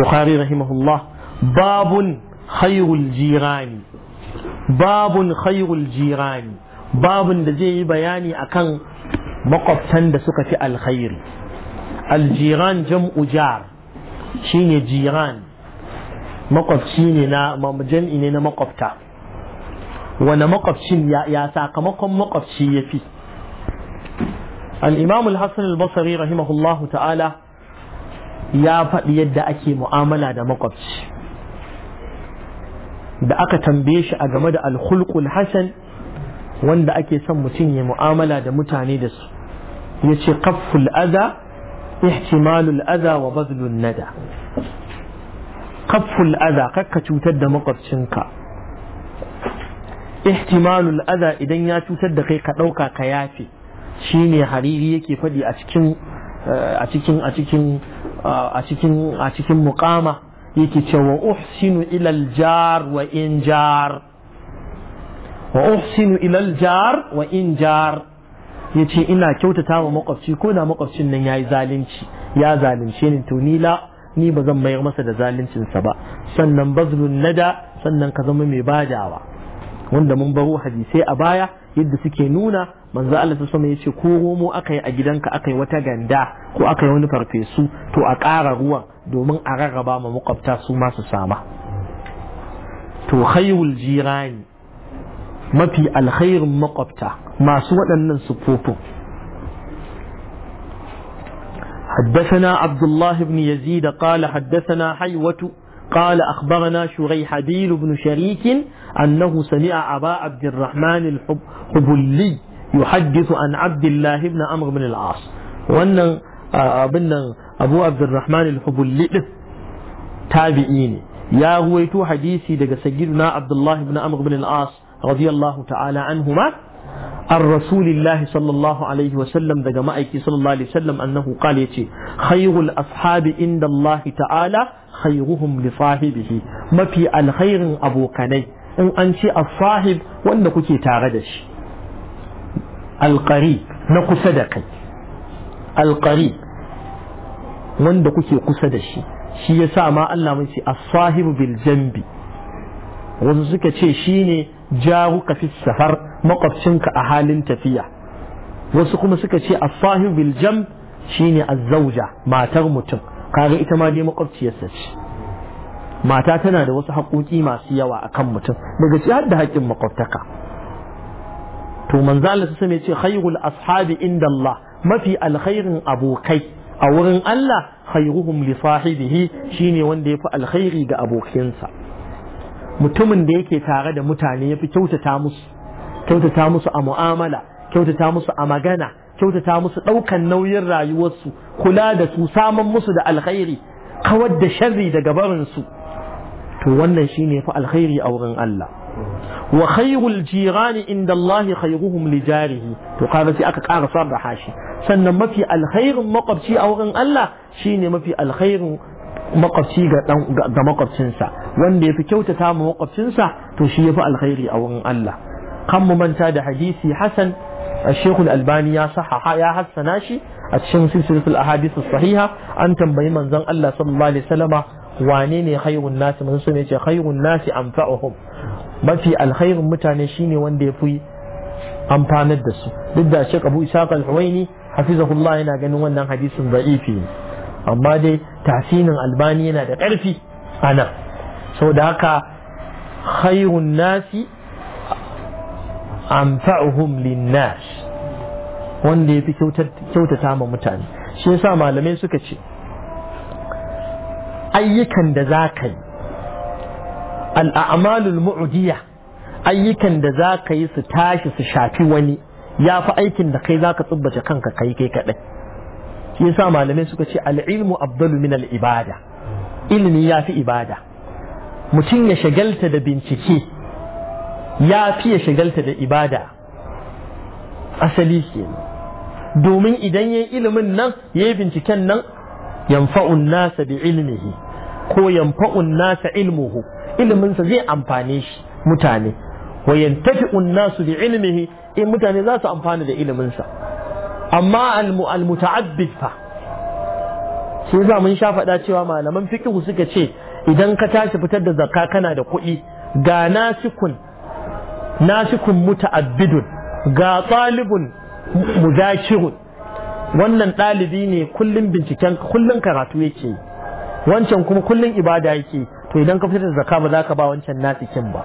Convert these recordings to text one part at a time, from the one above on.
البخاري رحمه الله باب خير الجيران باب خير الجيران باب da zai yi bayani akan makwabtan da suka fi alkhairi aljiran jam'u jar shine jiran makwabci ne na jam'i ne na makwabta wani makwabcin ya sakamakon makwabci ya fi al-imam al-hasan al-basri rahimahullahu ta'ala ya faɗi yadda ake mu'amala da makwabci da aka tambaye shi a game da alhulkul hasan wanda ake son mutum ya mu'amala da mutane da su ya ce kafful aza ihtimalul aza wa bazlun nada kafful aza kakka cutar da makwabcinka ihtimalul aza idan ya cutar da kai ka ɗauka ka yafe shine hariri yake faɗi a cikin eh, a cikin a cikin a cikin a cikin muqama yake cewa uhsinu ila jar wa in jar wa uhsinu ila jar wa in jar yace ina kyautata wa makwabci ko da makwabcin nan yayi zalunci ya zalunce ni to ni la ni ba zan mayar masa da zaluncinsa ba sannan bazlun nada sannan ka zama mai badawa wanda mun baro hadisai a baya yadda suke nuna manzo Allah ta sama yace ko romo akai a gidanka akai wata ganda ko akai wani farfesu to a ƙara ruwan domin a rarraba ma makwabta su ma su sama to khayrul jirani mafi alkhairin makwabta masu waɗannan sufofin حدثنا عبد الله بن يزيد قال حدثنا حيوة قال أخبرنا شريحبيل بن شريك أنه سمع أبا عبد الرحمن الحبلي يحدث عن عبد الله بن عمرو بن العاص وأن أبو عبد الرحمن الحبلي تابعين يا رويتو حديثي دقى سيدنا عبد الله بن عمرو بن العاص رضي الله تعالى عنهما عن رسول الله صلى الله عليه وسلم دقى مأيكي صلى الله عليه وسلم أنه قال يتي خير الأصحاب عند الله تعالى خيرهم لصاحبه ما في الخير أبو كني إن أنشي الصاحب وأنك تتاغدش القريب نقصدك القريب وأنك تقصدش شي يسا ما ألم الصاحب بالجنب وزوزك شي شيني جاهك في السفر مقفشنك أهال تفيا وسكو مسكة شي الصاحب بالجنب شيني الزوجة ما تغمتك kaga ita ma dai makwabciyarsa ce mata tana da wasu haƙoƙi masu yawa a kan mutum daga ci har da haƙƙin makwabtaka to manzo Allah sai ya ce khayrul ashabi inda Allah mafi alkhairin abokai a wurin Allah khayruhum li sahibihi shine wanda yafi alkhairi ga abokinsa mutumin da yake tare da mutane yafi kyautata musu kyautata musu a mu'amala kyautata musu a magana kyautata musu ɗaukan nauyin rayuwarsu kula da su saman musu da alkhairi kawar da sharri daga barinsu to wannan shine fa alkhairi a wurin Allah wa khairul jirani inda Allah khairuhum li jarihi to kaga sai aka ƙara sarraha shi sannan mafi alkhairin makwabci a wurin Allah shine mafi alkhairin makwabci ga makwabcinsa wanda ya fi kyautata ma makwabcinsa to shi ya fi alkhairi a wurin Allah kan mu manta da hadisi Hassan الشيخ الألباني يا صححا يا حسنا شي الشيخ سلسلة الأحاديث الصحيحة أن تنبي من زن الله صلى الله عليه وسلم وانيني خير الناس من سنة خير الناس أنفعهم ما في الخير متانشيني وان دي في أمبان الدسو ضد الشيخ أبو إساق الحويني حفظه الله ينا قنوا أن حديث ضعيف أما دي تحسين الألباني ينا دي قرفي أنا سو داكا خير الناس anfa'uhum linnas wanda ya fi kyautata ma mutane shi yasa malamai suka ce ayyukan da za ka yi ayyukan da za yi su tashi su shafi wani ya fi aikin da kai za ka tsubbace kanka kai kai kadai. shi yasa malamai suka ce ilmu abdalu min al'ibada ilimi ya fi ibada mutum ya shagalta da bincike ya fiye shagalta da ibada asali ke domin idan ya yi ilimin nan ya yi binciken nan yamfa'un nasa bi ilmihi ko yamfa'un nasa ilmuhu iliminsa zai amfane shi mutane wa yantafi'un nasu bi ilmihi in eh, mutane za su amfana da iliminsa amma al-muta'abbid fa sai za mun sha faɗa cewa malaman fikihu suka ce idan ka tashi fitar da zakka kana da kuɗi ga nasikun nasikun muta'abbidun ga talibun mudakirun wannan ɗalibi ne kullum binciken kullum karatu yake wancan kuma kullum ibada yake to idan ka fitar da zakka ba za ka ba wancan nasikin ba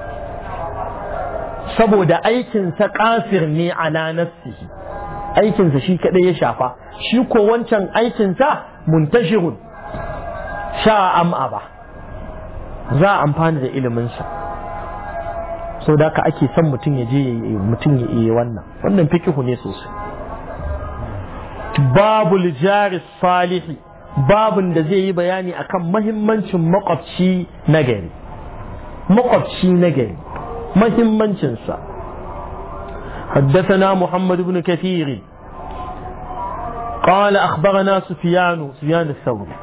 saboda aikinsa kafir ne ala nafsihi aikinsa shi kadai ya shafa shi ko wancan aikinsa muntashirun sha am'a ba za a amfani da iliminsa so da ka ake son mutum ya je mutum ya iya wannan wannan fikihu ne sosai babul jaris salihi babun da zai yi bayani akan mahimmancin makwabci na gari makwabci na gari mahimmancinsa حدثنا محمد بن كثير قال أخبرنا سفيان سفيان الثوري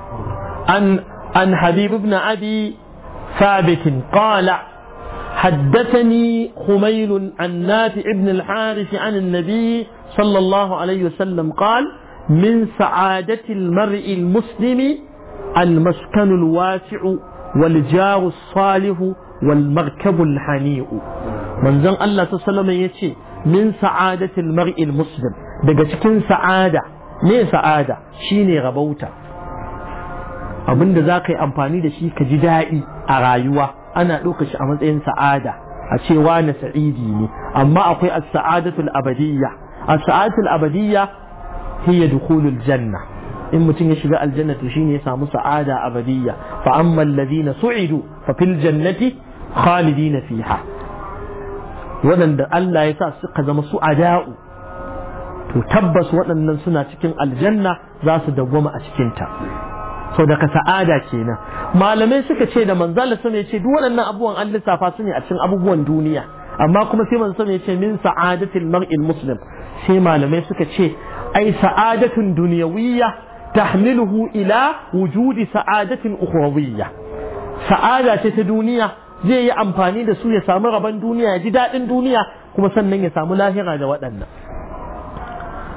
عن عن حبيب بن أبي ثابت قال حدثني خميل عن نافع بن الحارث عن النبي صلى الله عليه وسلم قال من سعادة المرء المسلم المسكن الواسع والجار الصالح والمركب الحنيء من زن الله تسلم يتي من سعادة المرء المسلم daga cikin sa'ada ne sa'ada shine rabauta abinda za ka yi amfani da shi ka ji daɗi a rayuwa ana ɗauka shi a matsayin sa'ada a ce wani sa'idi ne amma akwai as-sa'adatul abadiyya as-sa'adatul abadiyya hiya dukhulul janna in mutun ya shiga aljanna to shine ya samu sa'ada abadiyya fa amma alladhina su'idu fa fil jannati khalidin fiha wadanda Allah ya sa suka zama su'ada'u to tabbas waɗannan suna cikin aljanna za su dawwama a cikin ta so daga sa'ada kenan malamai suka ce da manzala sama yace duk waɗannan abubuwan an lissafa su ne a cikin abubuwan duniya amma kuma sai manzo sama yace min sa'adatil mar'il muslim sai malamai suka ce ai sa'adatun dunyawiyya tahmiluhu ila wujudi sa'adatin ukhrawiyya sa'ada ce ta duniya zai yi amfani da su ya samu rabon duniya ya ji daɗin duniya kuma sannan ya samu lahira da waɗannan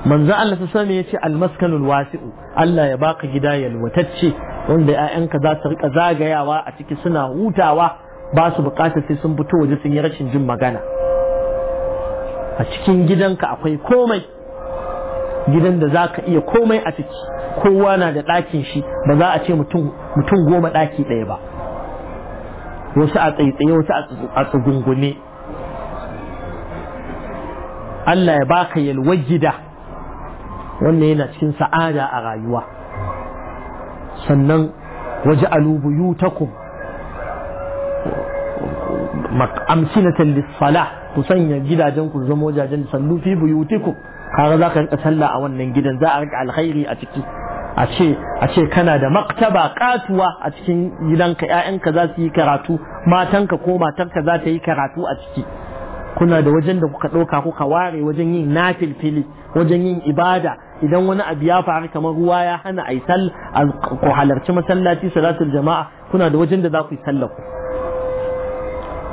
manzo Allah ta sani yace almaskanul wasi'u Allah ya baka gida yalwatacce wanda ƴaƴanka za su rika zagayawa a ciki suna hutawa ba su bukatar sai sun fito waje sun yi rashin jin magana a cikin gidanka akwai komai gidan da za ka iya komai a ciki kowa na da ɗakin shi ba za a ce mutum goma ɗaki ɗaya ba wasu a tsaitsaye wasu a tsugungune Allah ya baka yalwar gida wannan yana cikin sa'ada a rayuwa sannan waje alubuyutakum amsinatan lissala ku sanya gidajen ku zama wajajen sallu fi buyutikum kaga za ka rika sallah a wannan gidan za a rika alkhairi a ciki a ce a ce kana da maktaba katuwa a cikin gidanka ƴaƴanka za su yi karatu matanka ko matarka za ta yi karatu a ciki kuna da wajen da kuka ɗauka kuka ware wajen yin fili wajen yin ibada idan wani abu ya faru kamar ruwa ya hana a yi sal ku halarci masallaci salatul jama'a kuna da wajen da za ku yi sallaku.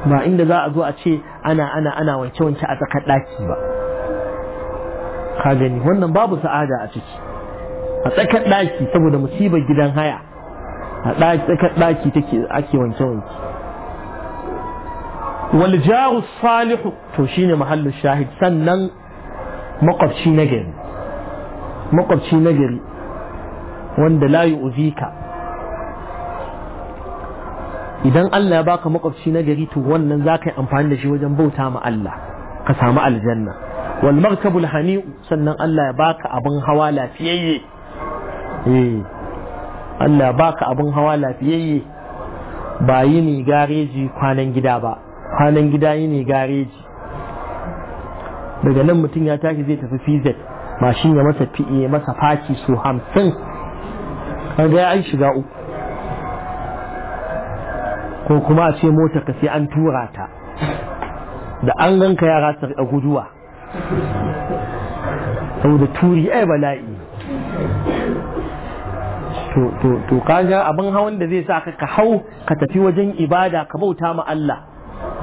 ba inda za a zo a ce ana ana ana wanke wanke a tsakar daki ba ka gani wannan babu sa'ada a ciki a tsakar daki saboda musibar gidan haya a tsakar daki take ake wanke wanke wal jaru salihu to shine mahallu shahid sannan makwabci na gari makwabci na gari wanda la ka, idan Allah ya baka makwabci na gari to wannan za ka yi amfani da shi wajen bauta ma Allah ka samu aljanna wal markabul hani'u sannan Allah ya baka abin hawa lafiyayye eh Allah ya baka abin hawa lafiyayye ba yi ne gareji kwanan gida ba kwanan gida yi ne gareji daga nan mutum ya tashi zai tafi fizet mashin ya masa fiye masa faki su hamsin an ga ya shiga uku ko kuma a ce mota ka sai an tura ta da an ganka yara su a guduwa saboda turi ai bala'i to kaga abin hawan da zai sa ka ka hau ka tafi wajen ibada ka bauta ma Allah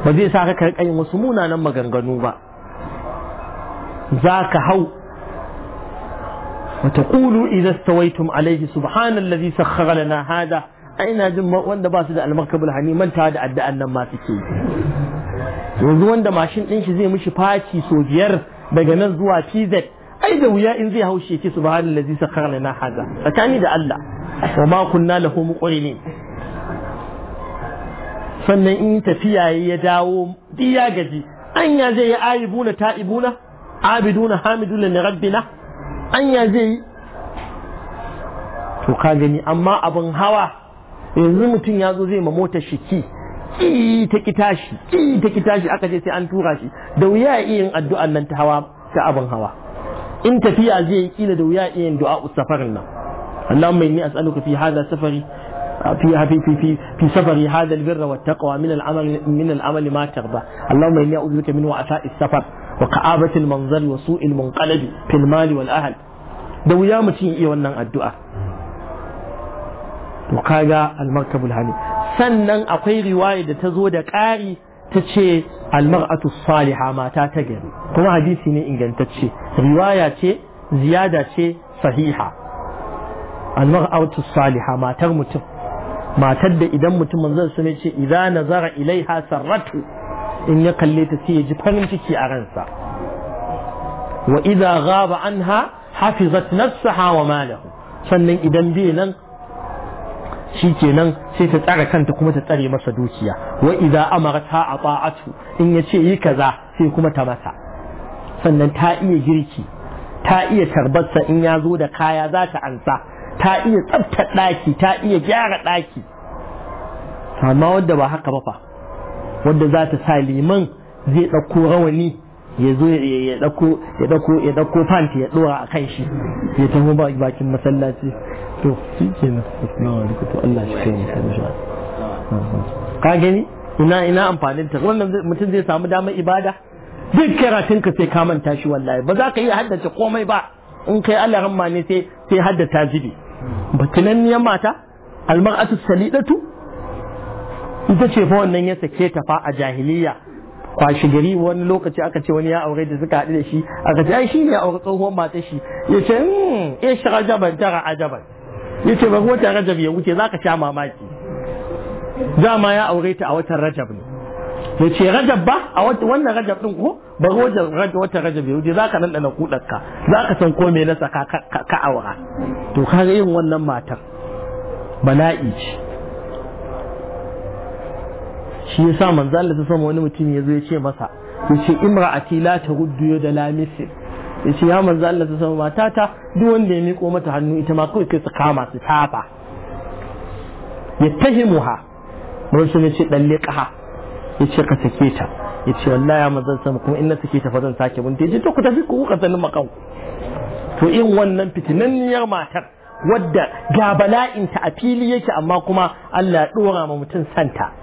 ba zai sa ka karɓa yin wasu munanan maganganu ba za ka hau وتقولوا إذا استويتم عليه سبحان الذي سخر لنا ina jin جم وند باس ده المركب الحني من تاد أدى أن ما تكي yanzu wanda mashin ɗin shi zai mishi faci so biyar daga nan zuwa TZ ai da wuya in zai haushe ki subhanallazi sakhara lana hada tsakani da Allah wa ma kunna lahu muqrinin sannan in tafiya ya dawo diya gaji anya zai yi aibuna ta'ibuna abiduna hamiduna rabbina anya zai yi to ka gani amma abin hawa yanzu mutum ya zo zai ma mota shi ki ki ta ki tashi ki ta ki tashi aka ce sai an tura shi da wuya ya iya yin addu'an nan ta hawa ta abin hawa in tafiya zai yi kila da wuya iya yin du'a safarin nan Allahumma inni as'aluka fi hadha safari في في في في في سفر هذا البر والتقوى من العمل من العمل ما ترضى اللهم اني اعوذ بك من وعثاء السفر wa ka'abatil manzari wa su'il munqalabi fil da wuya mutum ya iya wannan addu'a to kaga al markabul sannan akwai riwaya da ta zo da ƙari ta ce al mar'atu salihah mata ta gari kuma hadisi ne ingantacce riwaya ce ziyada ce sahiha al mar'atu salihah matar mutum matar da idan mutum manzon sun ce idza nazara ilaiha sarratu in ya kalle ta sai ya ji farin ciki a ransa wa idza ghaba anha hafizat nafsaha wa malahu sannan idan bai nan shikenan sai ta tsare kanta kuma ta tsare masa dukiya wa idza a ata'atu in ya ce yi kaza sai kuma ta mata sannan ta iya girki ta iya tarbarsa in ya zo da kaya za ta ansa ta iya tsabtar ɗaki ta iya gyara ɗaki amma wanda ba haka ba fa wadda za ta sa liman zai ɗauko rawani ya zo ya ɗauko ya ɗauko fanti ya ɗora a kan shi ya taho bakin masallaci to shi ke na to Allah shi kai ka gani ina ina amfanin ta wannan mutum zai samu damar ibada duk karatun ka sai ka manta shi wallahi ba za ka iya haddace komai ba in kai Allah ramma ne sai sai haddace jibi niyan mata almar'atu salidatu ita ce fa wannan ya sake ta fa a jahiliya kwashi gari wani lokaci aka ce wani ya aure da suka haɗu da shi aka ce ai shi ne aure tsohon mata shi ya ce hmm, ya shi rajaban tara ajaban ya ce bari wata rajab ya wuce za ka sha mamaki dama ya aure ta a watan rajab ne ya ce rajab ba a wannan rajab ɗin ko bari wata rajab ya wuce za ka ɗanɗana kuɗarka za ka san ko me nasa ka aura to kaga yin wannan matan. bala'i ce shi sa manzo Allah ta sama wani mutum ya zo ya ce masa ya ce imra'ati la taruddu da lamisin ya ce ya manzo Allah ta sama matata duk wanda ya miko mata hannu ita ma kawai sai su kama su tafa ya tahimuha Mun ne ce dalle kaha ya ce ka sake ta ya ce wallahi ya manzo sama kuma in sake ta fa zan sake mun ta to ku tafi ku sanin to in wannan fitinanniyar matar wadda ga bala'inta a fili yake amma kuma Allah ya dora ma mutum santa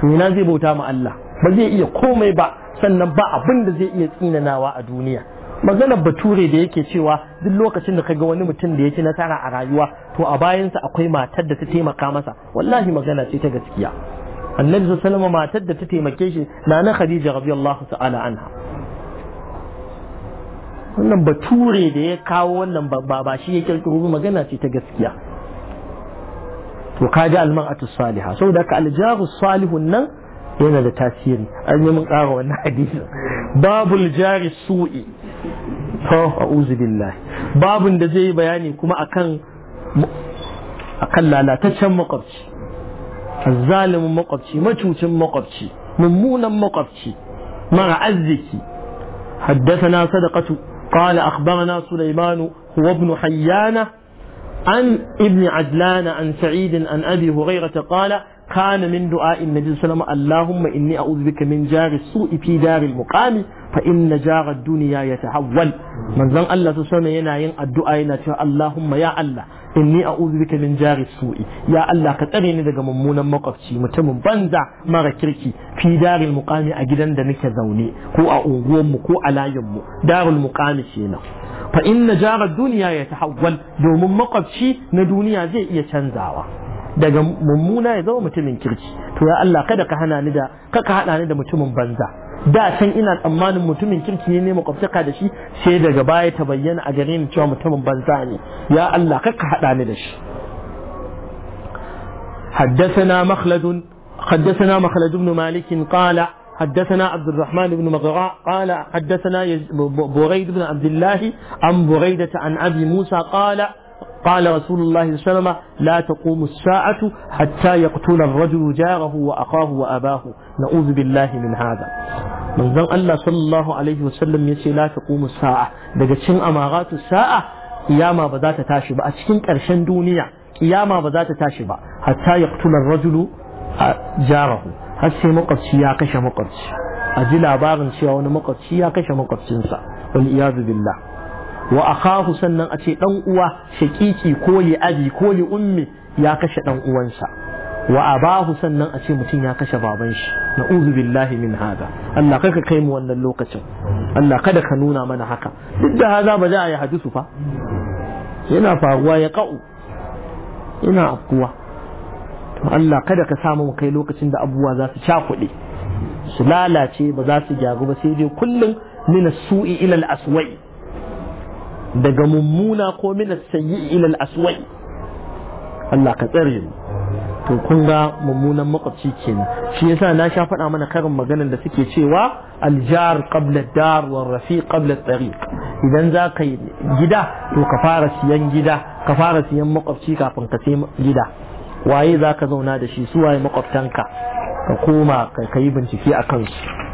to zai bauta ma Allah ba zai iya komai ba sannan ba abin da zai iya tsinanawa a duniya Magana bature da yake cewa duk lokacin da kaga wani mutum da yake nasara a rayuwa to a bayansa akwai matar da ta taimaka masa wallahi magana ce ta gaskiya annabi sallallahu matar da ta taimake shi nana khadija radiyallahu ta'ala anha wannan bature da ya kawo wannan ba ba shi ya kirkiro magana ce ta gaskiya to kaji almar'atu salihah saboda ka aljaru salihun nan yana da tasiri an yi mun ƙara wannan hadisin babul jari su'i to a'udhu billahi babun da zai bayani kuma akan akan lalataccen makwabci azzalimin makwabci macucin makwabci mummunan makwabci mara arziki حدثنا صدقة قال أخبرنا سليمان هو ابن حيانة عن ابن عجلان عن سعيد عن أبي هريرة قال كان من دعاء النبي صلى الله عليه وسلم اللهم إني أعوذ بك من جار السوء في دار المقام فإن جار الدنيا يتحول من ذن الله سبحانه ينعين الدعاء ينعين اللهم يا الله إني أعوذ بك من جار السوء يا الله كتريني دقا ممونا مقفتي متم بنزع مرة كركي في دار المقام أجدا دنك ذوني هو أعوغوم هو على يمو دار المقام شينا fa inna jarar duniya ya ta tahawwal domin makwabci na duniya zai iya canzawa daga mummuna ya zama mutumin kirki to ya Allah kada ka hana ni da ka hana ni da mutumin banza da can ina tsammanin mutumin kirki ne makwabtaka da shi sai daga baya ta bayyana a gare ni cewa mutumin banza ne ya Allah ka hada ni da shi حدثنا مخلد حدثنا مخلد بن مالك حدثنا عبد الرحمن بن مغراء قال حدثنا بريد بن عبد الله عن بريدة عن أبي موسى قال قال رسول الله صلى الله عليه وسلم لا تقوم الساعة حتى يقتل الرجل جاره وأخاه وأباه نعوذ بالله من هذا من ذن الله صلى الله عليه وسلم يسي لا تقوم الساعة daga cikin amaratu الساعة kiyama ba za ta tashi ba a cikin ƙarshen duniya kiyama ba za har sai makwabci ya kashe makwabci a ji labarin cewa wani makwabci ya kashe makwabcinsa wal iyazu billah wa sannan a ce dan uwa shaqiqi ko li abi ko li ummi ya kashe dan uwansa wa abahu sannan a ce mutum ya kashe baban shi na'udhu billahi min hada Allah kaka kai mu wannan lokacin Allah kada ka nuna mana haka duk da haza ba za a yi hadisu fa yana faruwa ya ka'u ina afkuwa to Allah kada ka samu mu kai lokacin da abubuwa za su cakuɗe su lalace ba za su gyaru ba sai dai kullum mina su'i ila al-aswai daga mummuna ko min sayyi ila al-aswai Allah ka tsare mu to kun ga mummunan makwabci kenan shi yasa na sha faɗa mana karin maganar da suke cewa al al-jar qabla dar wa ar-rafiq qabla tariq idan za ka yi gida to ka fara siyan gida ka fara siyan makwabci kafin ka sai gida waye za ka zauna da shi su waye makwabtanka ka koma ka yi bincike a kansu